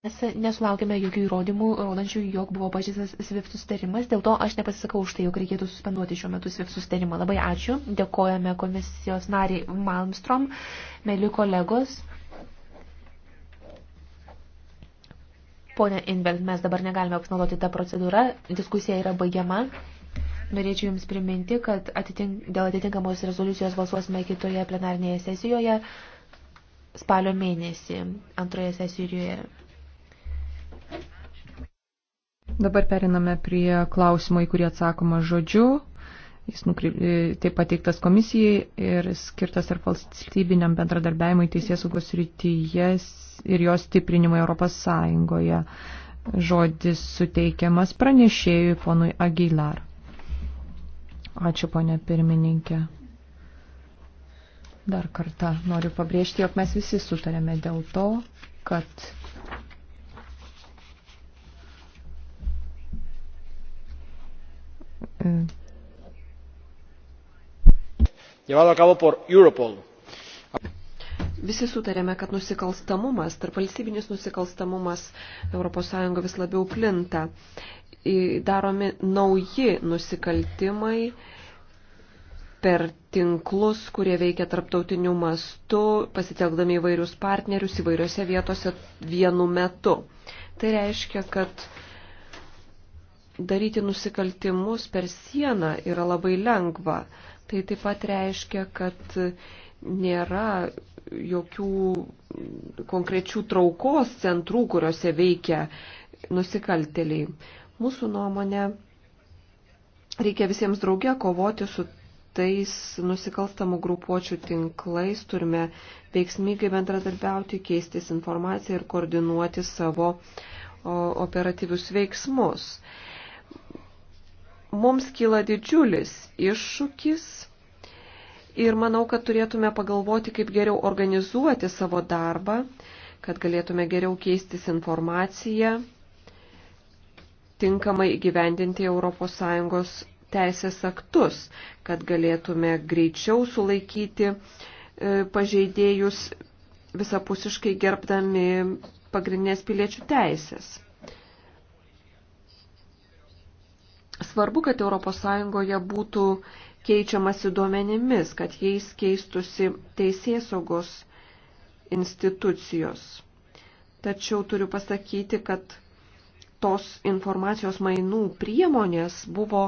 Mes nesulaukime jokių įrodymų, rodančių, jog buvo pažįstas SWIFT sustarimas, dėl to aš nepasisakau už tai, jog reikėtų suspenduoti šiuo metu SWIFT sustarimą. Labai ačiū, dėkojame komisijos nariai Malmstrom, mėly kolegos. Pone Invelt, mes dabar negalime apsnaudoti tą procedūrą, diskusija yra baigiama. Norėčiau Jums priminti, kad atitink, dėl atitinkamos rezoliucijos balsuosime kitoje plenarnėje sesijoje spalio mėnesį antroje sesijoje. Dabar periname prie klausimo, į kurį atsakoma žodžiu. Jis nukryp, e, taip pateiktas komisijai ir skirtas ir valstybiniam bendradarbiavimui teisėsaugos rytyje ir jos stiprinimui Europos Sąjungoje. Žodis suteikiamas pranešėjui ponui Aguilar. Ačiū, ponė pirmininkė. Dar kartą noriu pabrėžti, jog mes visi sutarėme dėl to, kad Mm. llevado a cabo por Europol. Visi sutarėme, kad nusikalstamumas, tarpvalstybinis nusikalstamumas ES vis labiau plinta. Daromi nauji nusikaltimai per tinklus, kurie veikia tarptautiniu mastu, pasitelkdami įvairius partnerius įvairiose vietose vienu metu. Tai reiškia, kad daryti nusikaltimus per sieną yra labai lengva. Tai taip pat reiškia, kad nėra jokių konkrečių traukos centrų, kuriuose veikia nusikalteliai. Mūsų nuomonė, reikia visiems drauge kovoti su tais nusikalstamų grupuočių tinklais, turime veiksmingai bendradarbiauti, keistis informaciją ir koordinuoti savo operatyvius veiksmus. Uh, mums kyla didžiulis iššūkis ir manau, kad turėtume pagalvoti, kaip geriau organizuoti savo darbą, kad galėtume geriau keistis informaciją, tinkamai įgyvendinti ES teisės aktus, kad galėtume greičiau sulaikyti e, pažeidėjus visapusiškai gerbdami pagrindinės piliečių teisės. Svarbu, kad ES būtų keičiamasi duomenimis, kad jais keistusi teisėsaugos institucijos. Tačiau turiu pasakyti, kad tos informacijos mainų priemonės buvo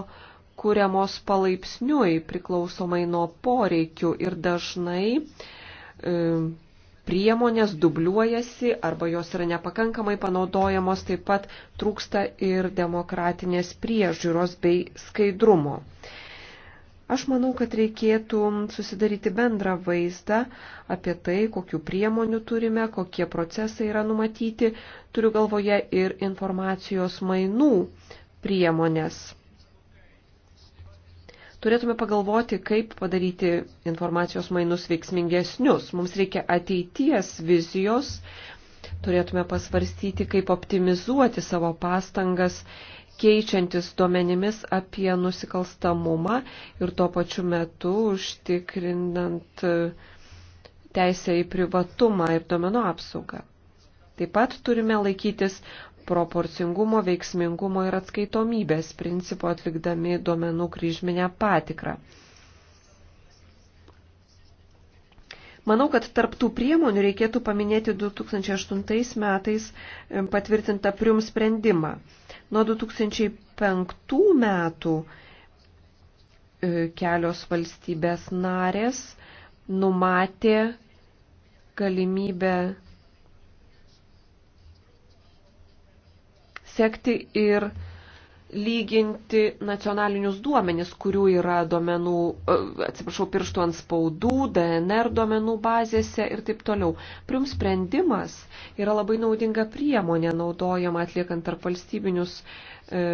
kuriamos palaipsniui priklausomai nuo poreikių ir dažnai e, priemonės dubliuojasi arba jos yra nepakankamai panaudojamos, taip pat trūksta ir demokratinės priežiūros bei skaidrumo. Aš manau, kad reikėtų susidaryti bendrą vaizdą apie tai, kokiu priemonių turime, kokie procesai yra numatyti, turiu galvoje ir informacijos mainų priemonės. Turėtume pagalvoti, kaip padaryti informacijos mainus veiksmingesnius. Mums reikia ateities vizijos, turėtume pasvarstyti, kaip optimizuoti savo pastangas, keičiantis duomenimis apie nusikalstamumą ir tuo pačiu metu užtikrinant e, teisę į privatumą ir duomenų apsaugą. Taip pat turime laikytis proporcingumo, veiksmingumo ir atskaitomybės principo atlikdami duomenų kryžminę patikrą. Manau, kad tarptų priemonių reikėtų paminėti 2008 metais e, patvirtintą prium sprendimą. Nuo 2005 metų e, kelios valstybės narės numatė galimybę sekti ir lyginti nacionalinius duomenis, kurių yra duomenų, e, atsiprašau, pirštų ant spaudų, DNR duomenų bazėse ir taip toliau. Prium sprendimas yra labai naudinga priemonė naudojama atliekant tarp valstybinius e,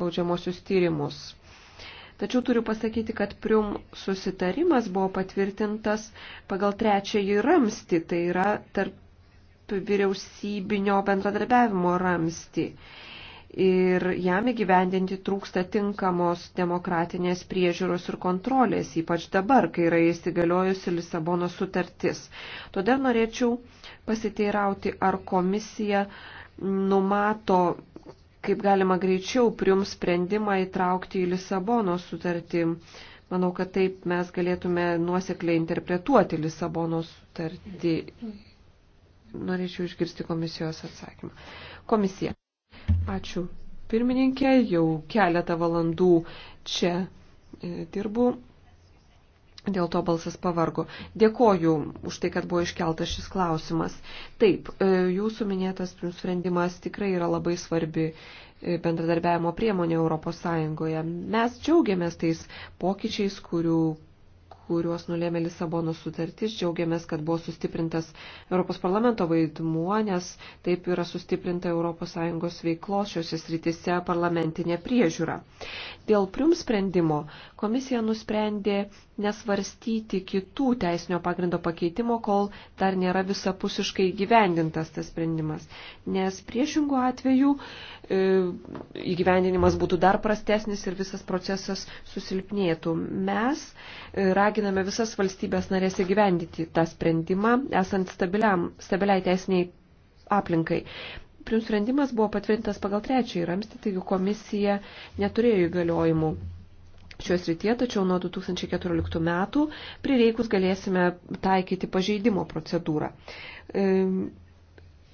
baudžiamosius tyrimus. Tačiau turiu pasakyti, kad prium susitarimas buvo patvirtintas pagal trečiąjį ramstį, tai yra tarp tarp vyriausybinio bendradarbiavimo ramsti. Ir jam įgyvendinti trūksta tinkamos demokratinės priežiūros ir kontrolės, ypač dabar, kai yra įsigaliojusi Lisabono sutartis. Todėl norėčiau pasiteirauti, ar komisija numato kaip galima greičiau priims sprendimą įtraukti į Lisabono sutartį. Manau, kad taip mes galėtume nuosekliai interpretuoti Lisabono sutartį norėčiau išgirsti komisijos atsakymą. Komisija. Ačiū pirmininkė, jau keletą valandų čia e, dirbu. Dėl to balsas pavargo. Dėkoju už tai, kad buvo iškeltas šis klausimas. Taip, e, jūsų minėtas sprendimas tikrai yra labai svarbi e, bendradarbiavimo priemonė ES. Mes džiaugiamės tais pokyčiais, kurių kuriuos nulėmė Lisabono sutartis. Džiaugiamės, kad buvo sustiprintas Europos parlamento vaidmuo, nes taip yra sustiprinta ES veiklos šiuose sritise parlamentinė priežiūra. Dėl prium sprendimo komisija nusprendė nesvarstyti kitų teisinio pagrindo pakeitimo, kol dar nėra visapusiškai gyvendintas tas sprendimas. Nes priešingų atveju e, įgyvendinimas būtų dar prastesnis ir visas procesas susilpnėtų. Mes e, ragin raginame visas valstybės narės įgyvendyti tą sprendimą, esant stabiliam, stabiliai teisiniai aplinkai. Prims sprendimas buvo patvirtintas pagal trečiąjį ramstį, taigi komisija neturėjo įgaliojimų šios rytie, tačiau nuo 2014 metų prireikus galėsime taikyti pažeidimo procedūrą. Ehm,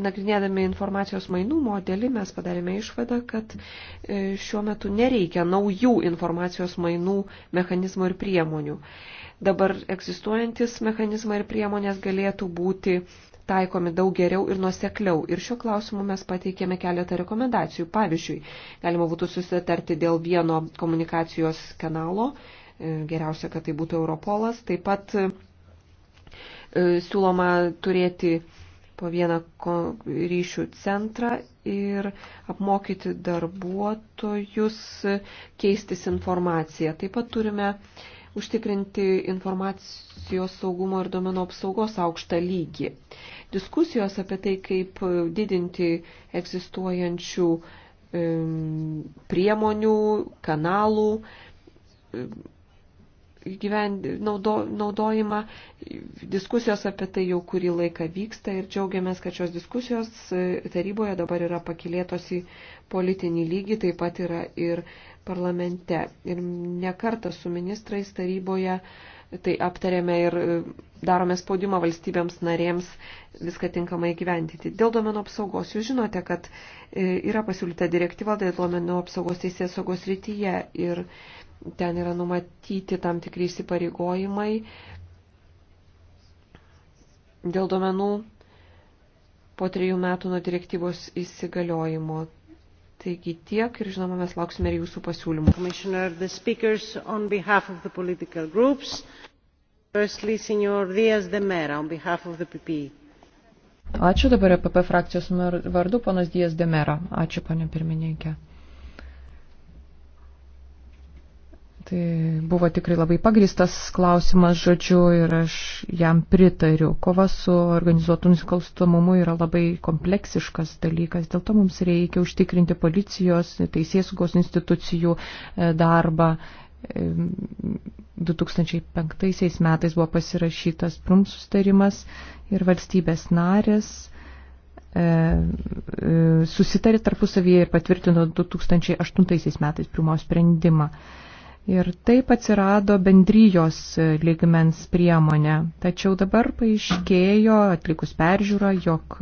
nagrinėdami informacijos mainų modelį mes padarėme išvadą, kad e, šiuo metu nereikia naujų informacijos mainų mechanizmų ir priemonių. Dabar egzistuojantis mechanizmai ir priemonės galėtų būti taikomi daug geriau ir nusekliau. Ir šiuo klausimu mes pateikėme keletą rekomendacijų. Pavyzdžiui, galima būtų susitarti dėl vieno komunikacijos kanalo, e, geriausia, kad tai būtų Europolas. Taip pat e, siūloma turėti po vieną ryšių centrą ir apmokyti darbuotojus keistis informaciją. Taip pat turime užtikrinti informacijos saugumo ir domeno apsaugos aukštą lygį. Diskusijos apie tai, kaip didinti egzistuojančių priemonių, kanalų naudo, naudojimą. Diskusijos apie tai jau kurį laiką vyksta ir džiaugiamės, kad šios diskusijos e, taryboje dabar yra pakilėtos į politinį lygį, taip pat yra ir parlamente. Ir nekartą su ministrais taryboje tai aptarėme ir e, darome spaudimą valstybėms narėms viską tinkamai gyventyti. Dėl duomenų apsaugos, jūs žinote, kad e, yra pasiūlyta direktyva dėl duomenų apsaugos teisės saugos rytyje ir Ten yra numatyti tam tikrai įsipareigojimai dėl duomenų po trejų metų nuo direktyvos įsigaliojimo. Taigi tiek ir žinoma, mes lauksime ir jūsų pasiūlymų. Firstly, senor Diaz de Mera, on behalf of the PP. E. Ačiū dabar EPP frakcijos vardu, ponas Dijas Demera. Ačiū, panė pirmininkė. Tai buvo tikrai labai pagristas klausimas žodžiu ir aš jam pritariu. Kova su organizuotu nusikalstamumu yra labai kompleksiškas dalykas, dėl to mums reikia užtikrinti policijos, teisėsaugos institucijų e, darbą. 2005 e, metais buvo pasirašytas prum sustarimas ir valstybės narės e, susitarė tarpusavyje ir patvirtino 2008 metais pirmo sprendimą. Ir taip atsirado bendrijos ligmens priemonė. Tačiau dabar paaiškėjo, atlikus peržiūrą, jog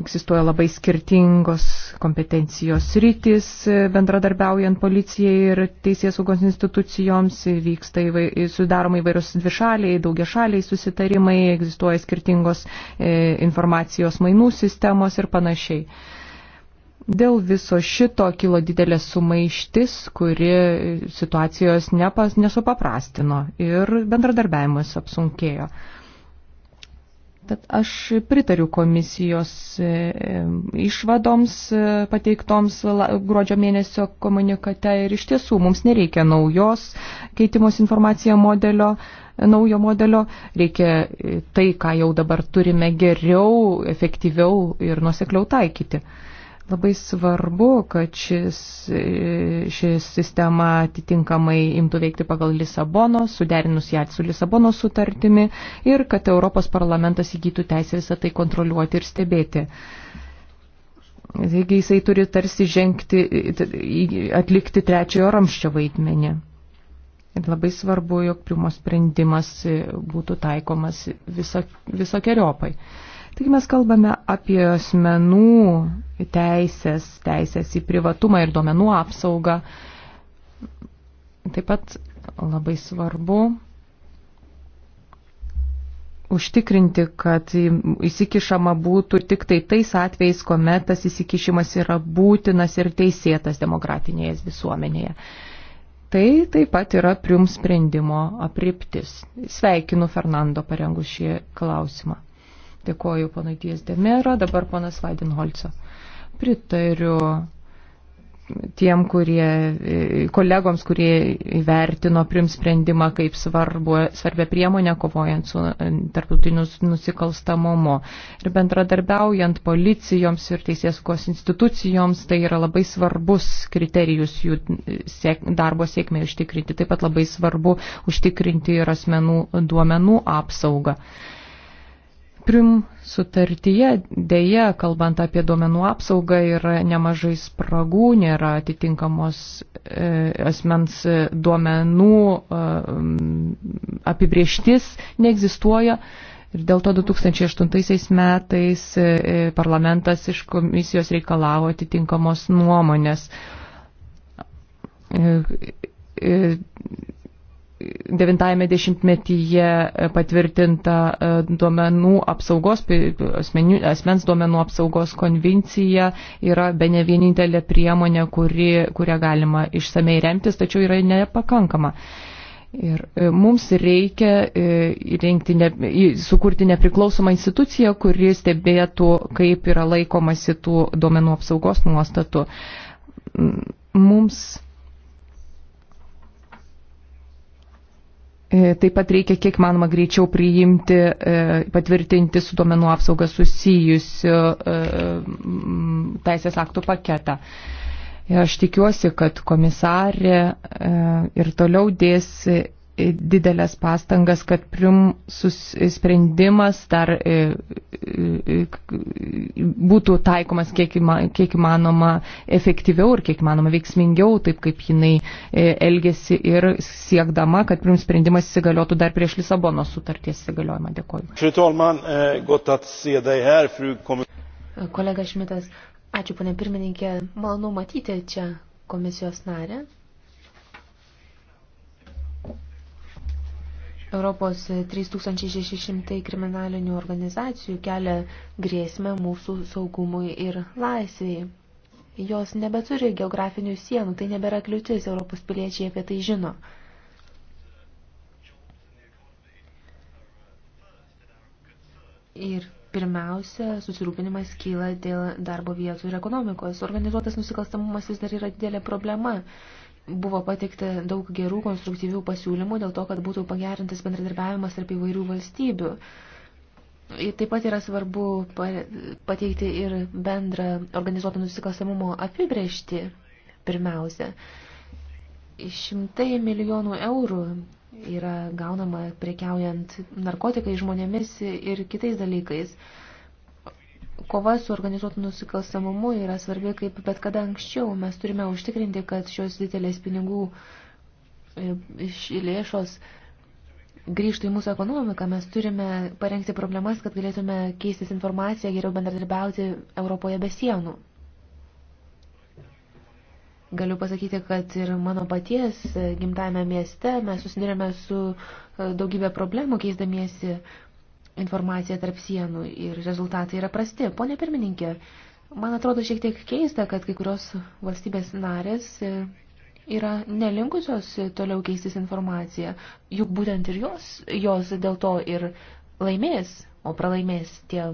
egzistuoja labai skirtingos kompetencijos rytis, bendradarbiaujant policijai ir teisės saugos institucijoms, vyksta įvai, sudaroma įvairios dvišaliai, daugiašaliai susitarimai, egzistuoja skirtingos e, informacijos mainų sistemos ir panašiai. E, Dėl viso šito kilo didelė sumaištis, kuri situacijos nepas, nesupaprastino ir bendradarbiavimas apsunkėjo. Tad aš pritariu komisijos e, išvadoms e, pateiktoms gruodžio mėnesio komunikate ir iš tiesų mums nereikia naujos keitimos informacija modelio, e, naujo modelio, reikia tai, ką jau dabar turime geriau, efektyviau ir nusekliau taikyti. Labai svarbu, kad šis, e, šis sistema atitinkamai imtų veikti pagal Lisabono, suderinus ją su Lisabono sutartimi ir kad Europos parlamentas įgytų teisę visą tai kontroliuoti ir stebėti. Taigi jisai turi tarsi žengti, atlikti trečiojo ramščio vaidmenį. Ir labai svarbu, jog primo sprendimas e, būtų taikomas viso, visokiojopai. Viso Taigi mes kalbame apie asmenų teisės, teisės į privatumą ir duomenų apsaugą. Taip pat labai svarbu užtikrinti, kad įsikišama būtų tik tai tais atvejais, kuomet tas įsikišimas yra būtinas ir teisėtas demokratinėje visuomenėje. Tai taip pat yra prium sprendimo apriptis. Sveikinu Fernando parengus šį klausimą. Dėkoju ponui Dies Demero, dabar ponas Vaidinholco. Pritariu tiem, kurie, kolegoms, kurie įvertino prim sprendimą kaip svarbu, svarbę priemonę kovojant su tarptautiniu nusikalstamumu. Ir bendradarbiaujant policijoms ir teisėsaugos institucijoms, tai yra labai svarbus kriterijus jų sėk, darbo sėkmė užtikrinti. Taip pat labai svarbu užtikrinti ir asmenų duomenų apsaugą. Prim sutartyje dėja, kalbant apie duomenų apsaugą, yra nemažai spragų, nėra atitinkamos e, asmens duomenų e, apibrieštis, neegzistuoja. Ir dėl to 2008 metais e, e, parlamentas iš komisijos reikalavo atitinkamos nuomonės. E, e, devintajame dešimtmetyje e, patvirtinta e, duomenų apsaugos, asmenių, asmens duomenų apsaugos konvencija yra be ne vienintelė priemonė, kuri, kurią galima išsamei remtis, tačiau yra nepakankama. Ir e, mums reikia įrengti, ne, sukurti nepriklausomą instituciją, kuri stebėtų, kaip yra laikomasi tų duomenų apsaugos nuostatų. Mums E, taip pat reikia kiek manoma greičiau priimti, e, patvirtinti su duomenų apsauga susijusiu e, teisės aktų paketą. Aš tikiuosi, kad komisarė ir toliau dės didelės pastangas, kad prim sprendimas dar e, e, būtų taikomas kiek įmanoma efektyviau ir kiek įmanoma veiksmingiau, taip kaip jinai e, elgesi ir siekdama, kad prim sprendimas įsigaliotų dar prieš Lisabono sutarties įsigaliojimą. Dėkoju. Kolega Šmitas, ačiū, ponė pirmininkė, malonu matyti čia komisijos narę. Europos 3600 kriminalinių organizacijų kelia grėsmę mūsų saugumui ir laisvėjai. Jos nebeturi geografinių sienų, tai nebėra kliūtis, Europos piliečiai apie tai žino. Ir pirmiausia, susirūpinimas kyla dėl darbo vietų ir ekonomikos. Organizuotas nusikalstamumas vis dar yra didelė problema buvo pateikta daug gerų konstruktyvių pasiūlymų dėl to, kad būtų pagerintas bendradarbiavimas tarp įvairių valstybių. Taip pat yra svarbu pateikti ir bendrą organizuoto nusikalstamumo apibrėžti pirmiausia. Šimtai milijonų eurų yra gaunama prekiaujant narkotikai žmonėmis ir kitais dalykais kova su organizuotu nusikalstamumu yra svarbi kaip bet kada anksčiau. Mes turime užtikrinti, kad šios didelės pinigų e, iš lėšos grįžtų į mūsų ekonomiką. Mes turime parengti problemas, kad galėtume keistis informaciją, geriau bendradarbiauti Europoje be sienų. Galiu pasakyti, kad ir mano paties gimtajame mieste mes susidurėme su e, daugybė problemų keisdamiesi informacija tarp sienų ir rezultatai yra prasti. Pone pirmininkė, man atrodo šiek tiek keista, kad kai kurios valstybės narės yra nelinkusios toliau keistis informaciją. Juk būtent ir jos, jos dėl to ir laimės, o pralaimės tie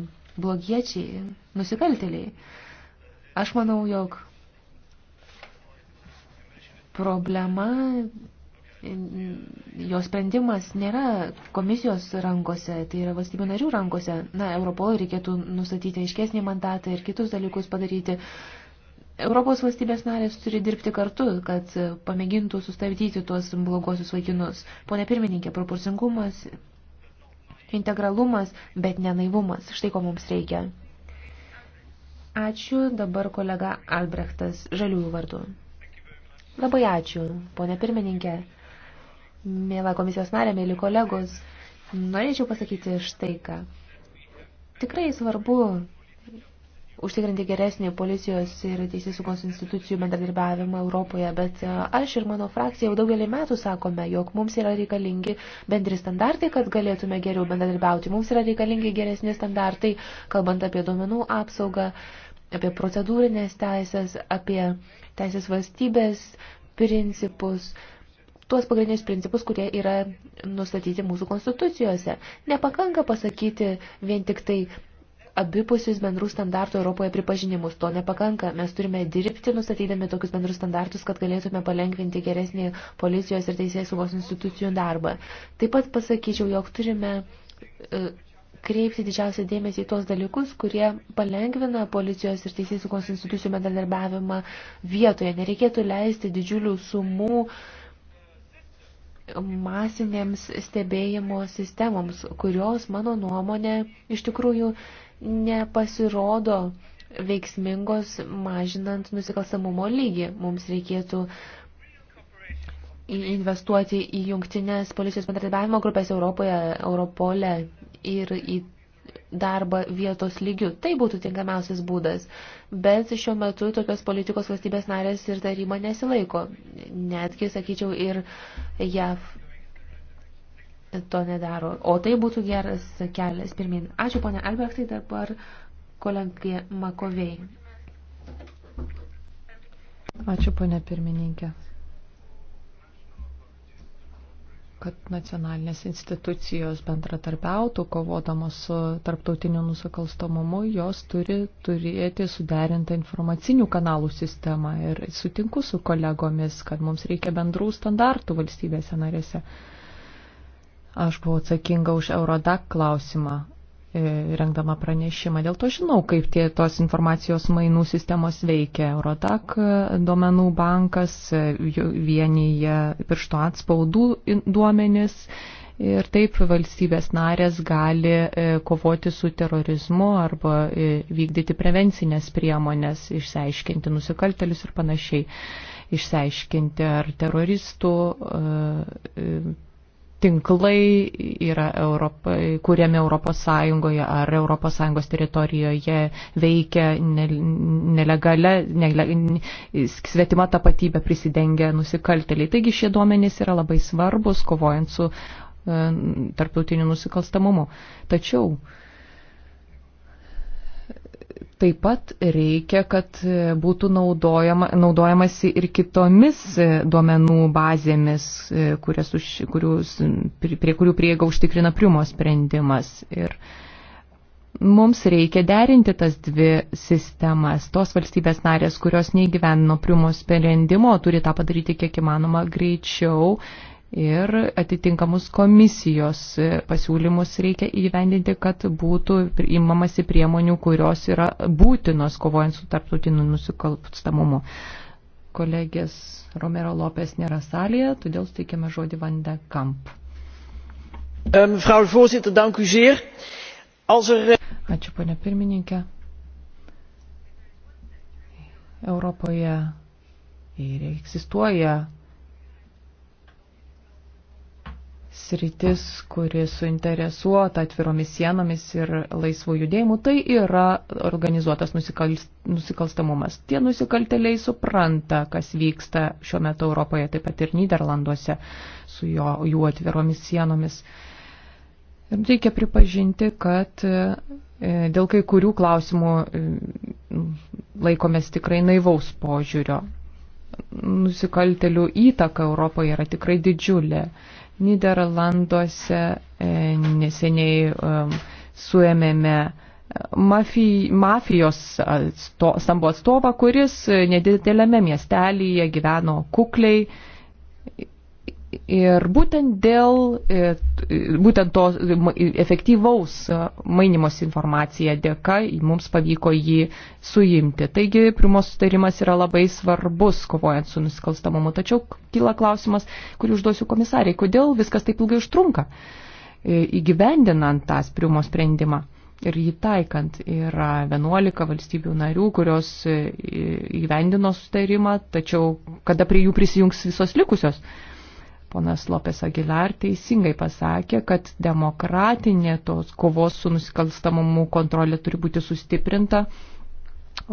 blogiečiai, nusikaltėliai. Aš manau, jog problema jo sprendimas nėra komisijos rankose, tai yra valstybių narių rankose. Na, Europolui reikėtų nustatyti aiškesnį mandatą ir kitus dalykus padaryti. Europos valstybės narės turi dirbti kartu, kad pamėgintų sustabdyti tuos blogosius vaikinus. Pone pirmininkė, proporcingumas, integralumas, bet ne naivumas. Štai ko mums reikia. Ačiū dabar kolega Albrechtas, žaliųjų vardu. Labai ačiū, ponė pirmininkė. Mėla komisijos narė, mėly kolegos, norėčiau pasakyti štai ką. Tikrai svarbu užtikrinti geresnį policijos ir teisėsaugos institucijų bendradarbiavimą Europoje, bet e, aš ir mano frakcija jau daugelį metų sakome, jog mums yra reikalingi bendri standartai, kad galėtume geriau bendradarbiauti. Mums yra reikalingi geresni standartai, kalbant apie duomenų apsaugą, apie procedūrinės teisės, apie teisės valstybės principus, tuos pagrindinius principus, kurie yra nustatyti mūsų konstitucijose. Nepakanka pasakyti vien tik tai abipusius bendrų standartų Europoje pripažinimus. To nepakanka. Mes turime dirbti, nustatydami tokius bendrus standartus, kad galėtume palengvinti geresnį policijos ir teisės saugos institucijų darbą. Taip pat pasakyčiau, jog turime e, kreipti didžiausią dėmesį į tuos dalykus, kurie palengvina policijos ir teisės saugos institucijų bendradarbiavimą vietoje. Nereikėtų leisti didžiulių sumų uh, masinėms stebėjimo sistemoms, kurios, mano nuomonė, iš tikrųjų nepasirodo veiksmingos mažinant nusikalstamumo lygį. Mums reikėtų investuoti į jungtinės policijos bendradarbiavimo grupės Europoje, Europole ir į darbą vietos lygių. Tai būtų tinkamiausias būdas. Bet šiuo metu tokios politikos valstybės narės ir taryba nesilaiko. Netgi, sakyčiau, ir JAV to nedaro. O tai būtų geras kelias pirmin. Ačiū, ponia Albertai, dabar kolegė Makovei. Ačiū, ponia pirmininkė. kad nacionalinės institucijos bendratarbiautų, kovodamos su tarptautiniu nusikalstamumu, jos turi turėti suderintą informacinių kanalų sistemą. Ir sutinku su kolegomis, kad mums reikia bendrų standartų valstybėse narėse. Aš buvau atsakinga už Eurodak klausimą E, rengdama pranešimą. Dėl to žinau, kaip tie tos informacijos mainų sistemos veikia. Eurodak e, duomenų bankas e, vienyje piršto atspaudų duomenis. Ir taip valstybės narės gali kovoti su terorizmu arba vykdyti prevencinės priemonės, išsiaiškinti nusikaltelius ir panašiai, išsiaiškinti ar teroristų tinklai yra Europa, kuriami Europos Sąjungoje ar Europos Sąjungos teritorijoje veikia nelegalia, nelegalia svetima tapatybė prisidengia nusikalteliai. Taigi šie duomenys yra labai svarbus, kovojant su e, tarptautiniu nusikalstamumu. Tačiau taip pat reikia, kad būtų naudojama, naudojamasi ir kitomis e, duomenų bazėmis, e, už, kurius, prie kurių prieiga užtikrina priumo sprendimas. Ir mums reikia derinti tas dvi sistemas. Tos valstybės narės, kurios neįgyvenino priumo sprendimo, turi tą padaryti kiek įmanoma greičiau ir atitinkamus komisijos pasiūlymus reikia įgyvendinti, kad būtų imamasi priemonių, kurios yra būtinos kovojant su tarptautiniu nusikalstamumu. Kolegės Romero Lopės nėra salėje, todėl steikėme žodį Vande Kamp. Ehm, mevrouw de voorzitter, dank u zeer. Als er... Eh, Ačiū, ponia pirmininkė. Europoje ir egzistuoja sritis, kuri suinteresuota atviromis sienomis ir laisvų judėjimų, tai yra organizuotas nusikalstamumas. Tie nusikalteliai supranta, kas vyksta šiuo metu Europoje, taip pat ir Niderlanduose su jo, jų atviromis sienomis. Ir reikia pripažinti, kad e, dėl kai kurių klausimų e, laikomės tikrai naivaus požiūrio. Nusikaltelių įtaka Europoje yra tikrai didžiulė. Niderlanduose e, neseniai e, suėmėme e, mafijos atsto, stambu atstovą, kuris nedidelėme miestelyje gyveno kukliai Ir būtent dėl e, būtent to efektyvaus e, mainimos informacija dėka mums pavyko jį suimti. Taigi, primos sutarimas yra labai svarbus, kovojant su nusikalstamumu. Tačiau kyla klausimas, kurį užduosiu komisariai, kodėl viskas taip ilgai užtrunka e, įgyvendinant tą priumo sprendimą. Ir jį taikant yra 11 valstybių narių, kurios įgyvendino sutarimą, tačiau kada prie jų prisijungs visos likusios. Ponas Lopes Aguilar teisingai pasakė, kad demokratinė tos kovos su nusikalstamumu kontrolė turi būti sustiprinta,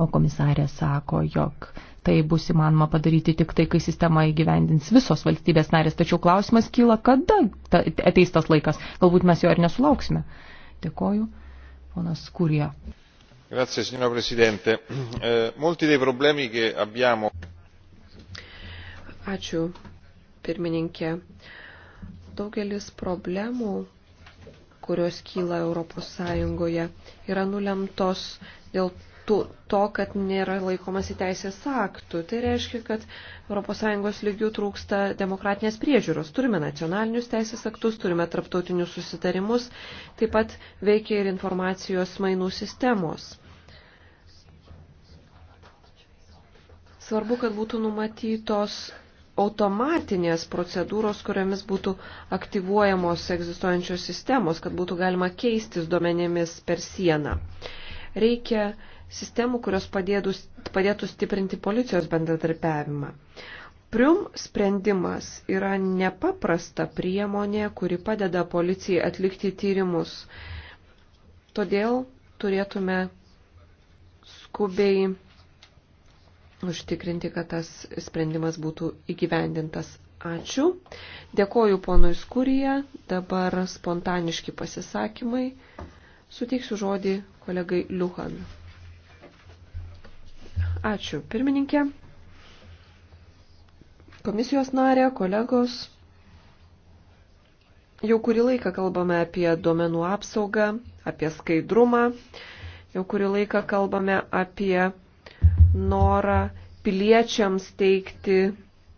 o komisarė sako, jog tai bus įmanoma padaryti tik tai, kai sistema įgyvendins visos valstybės narės. Tačiau klausimas kyla, kada ta, ateis tas laikas. Galbūt mes jo ir nesulauksime. Dėkoju. Ponas Kurija. Grazie, signora Presidente. Eh, molti dei problemi che abbiamo. Ačiū, pirmininkė. Daugelis problemų, kurios kyla Europos Sąjungoje, yra nulemtos dėl tų, to, kad nėra laikomasi teisės aktų. Tai reiškia, kad ES lygių trūksta demokratinės priežiūros. Turime nacionalinius teisės aktus, turime tarptautinius susitarimus, taip pat veikia ir informacijos mainų sistemos. Svarbu, kad būtų numatytos automatinės procedūros, kuriomis būtų aktyvuojamos egzistuojančios sistemos, kad būtų galima keistis duomenėmis per sieną. Reikia sistemų, kurios padėtų, padėtų stiprinti policijos bendradarbiavimą. Prium sprendimas yra nepaprasta priemonė, kuri padeda policijai atlikti tyrimus. Todėl turėtume skubiai užtikrinti, kad tas sprendimas būtų įgyvendintas. Ačiū. Dėkoju ponui Skurija. Dabar spontaniški pasisakymai. Suteiksiu žodį kolegai Liuhan. Ačiū, pirmininkė. Komisijos narė, kolegos. Jau kurį laiką kalbame apie duomenų apsaugą, apie skaidrumą. Jau kurį laiką kalbame apie norą piliečiams teikti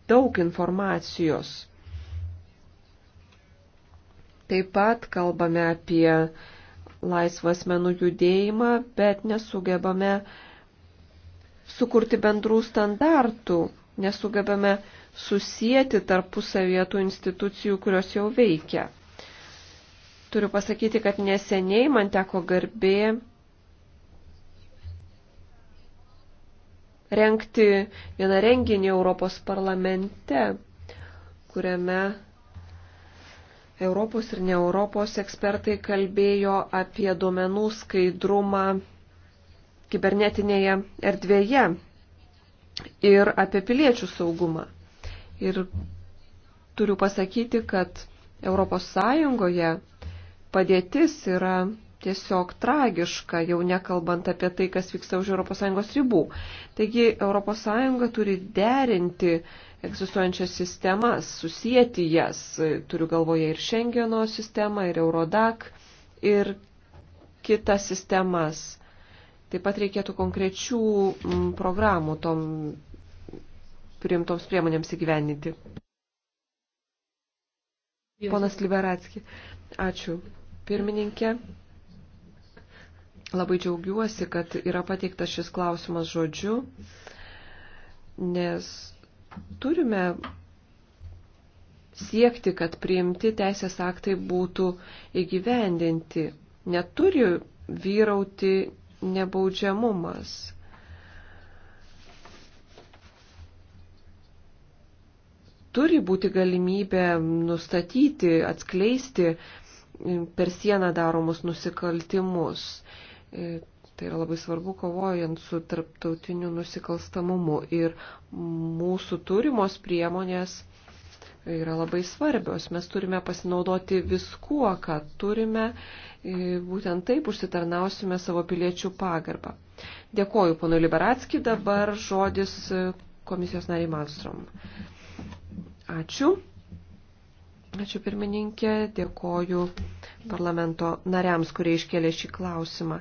daug informacijos. Taip pat kalbame apie laisvas menų judėjimą, bet nesugebame sukurti bendrų standartų, nesugebame susijęti tarpusavietų institucijų, kurios jau veikia. Turiu pasakyti, kad neseniai man teko garbė renkti vieną renginį Europos parlamente, kuriame Europos ir ne Europos ekspertai kalbėjo apie duomenų skaidrumą kibernetinėje erdvėje ir apie piliečių saugumą. Ir turiu pasakyti, kad Europos Sąjungoje padėtis yra tiesiog tragiška, jau nekalbant apie tai, kas vyksta už ES ribų. Taigi ES turi derinti egzistuojančias sistemas, susijęti jas, turiu galvoje ir Schengeno sistemą, ir Eurodac, ir kitas sistemas. Taip pat reikėtų konkrečių programų tom priimtoms priemonėms įgyveninti. Ponas Liberatski, ačiū. Pirmininkė, Labai džiaugiuosi, kad yra pateiktas šis klausimas žodžiu, nes turime siekti, kad priimti teisės aktai būtų įgyvendinti. Neturi vyrauti nebaudžiamumas. Turi būti galimybė nustatyti, atskleisti per sieną daromus nusikaltimus. E, tai yra labai svarbu kovojant su tarptautiniu nusikalstamumu. Ir mūsų turimos priemonės yra labai svarbios. Mes turime pasinaudoti viskuo, ką turime, e, būtent taip užsitarnausime savo piliečių pagarbą. Dėkoju, pono Liberatski, dabar žodis komisijos nariai Malstrom. Ačiū. Ačiū pirmininkė, dėkoju parlamento nariams, kurie iškėlė šį klausimą.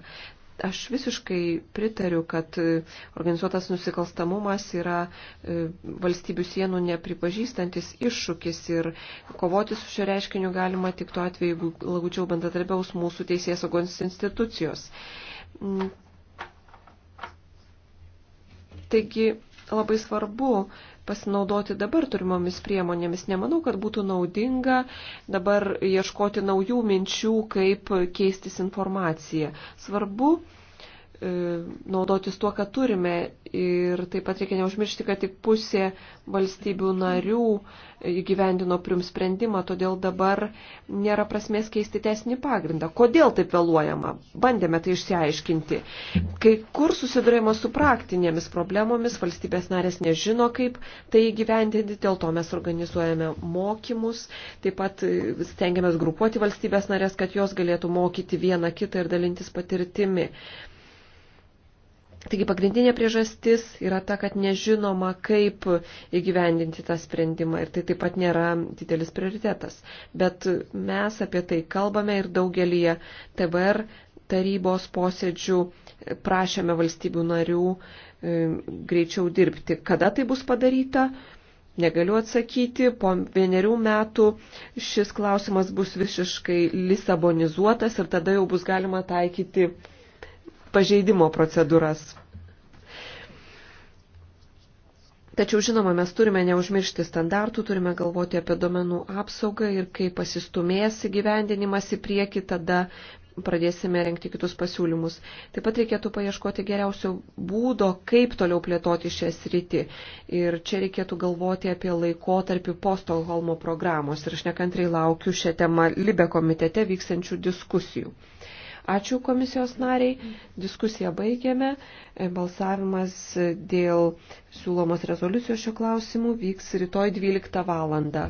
Aš visiškai pritariu, kad e, organizuotas nusikalstamumas yra e, valstybių sienų nepripažįstantis iššūkis ir kovoti su šio reiškiniu galima tik tuo atveju, jeigu lagučiau bendradarbiaus mūsų teisės saugos institucijos. Mm. Taigi labai svarbu pasinaudoti dabar turimomis priemonėmis. Nemanau, kad būtų naudinga dabar ieškoti naujų minčių, kaip keistis informaciją. Svarbu E, naudotis tuo, ką turime. Ir taip pat reikia neužmiršti, kad tik pusė valstybių narių įgyvendino prium sprendimą, todėl dabar nėra prasmės keisti teisinį pagrindą. Kodėl taip vėluojama? Bandėme tai išsiaiškinti. Kai kur susidurėjama su praktinėmis problemomis, valstybės narės nežino, kaip tai įgyvendinti, dėl to mes organizuojame mokymus, taip pat stengiamės grupuoti valstybės narės, kad jos galėtų mokyti vieną kitą ir dalintis patirtimi. Taigi pagrindinė priežastis yra ta, kad nežinoma, kaip įgyvendinti tą sprendimą ir tai taip pat nėra didelis prioritetas. Bet mes apie tai kalbame ir daugelį TVR tarybos posėdžių prašėme valstybių narių e, greičiau dirbti. Kada tai bus padaryta? Negaliu atsakyti, po vienerių metų šis klausimas bus visiškai lisabonizuotas ir tada jau bus galima taikyti pažeidimo procedūras. Tačiau, žinoma, mes turime neužmiršti standartų, turime galvoti apie domenų apsaugą ir kai pasistumės įgyvendinimas į priekį, tada pradėsime renkti kitus pasiūlymus. Taip pat reikėtų paieškoti geriausio būdo, kaip toliau plėtoti šią sritį. Ir čia reikėtų galvoti apie laikotarpį po Stokholmo programos. Ir aš nekantrai laukiu šią temą Libe komitete vyksančių diskusijų. Ačiū komisijos nariai. Diskusiją baigėme. E, balsavimas dėl siūlomos rezoliucijos šio klausimu vyks rytoj 12 valandą.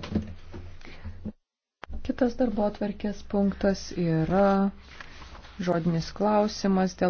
Kitas darbo atvarkės punktas yra žodinis klausimas dėl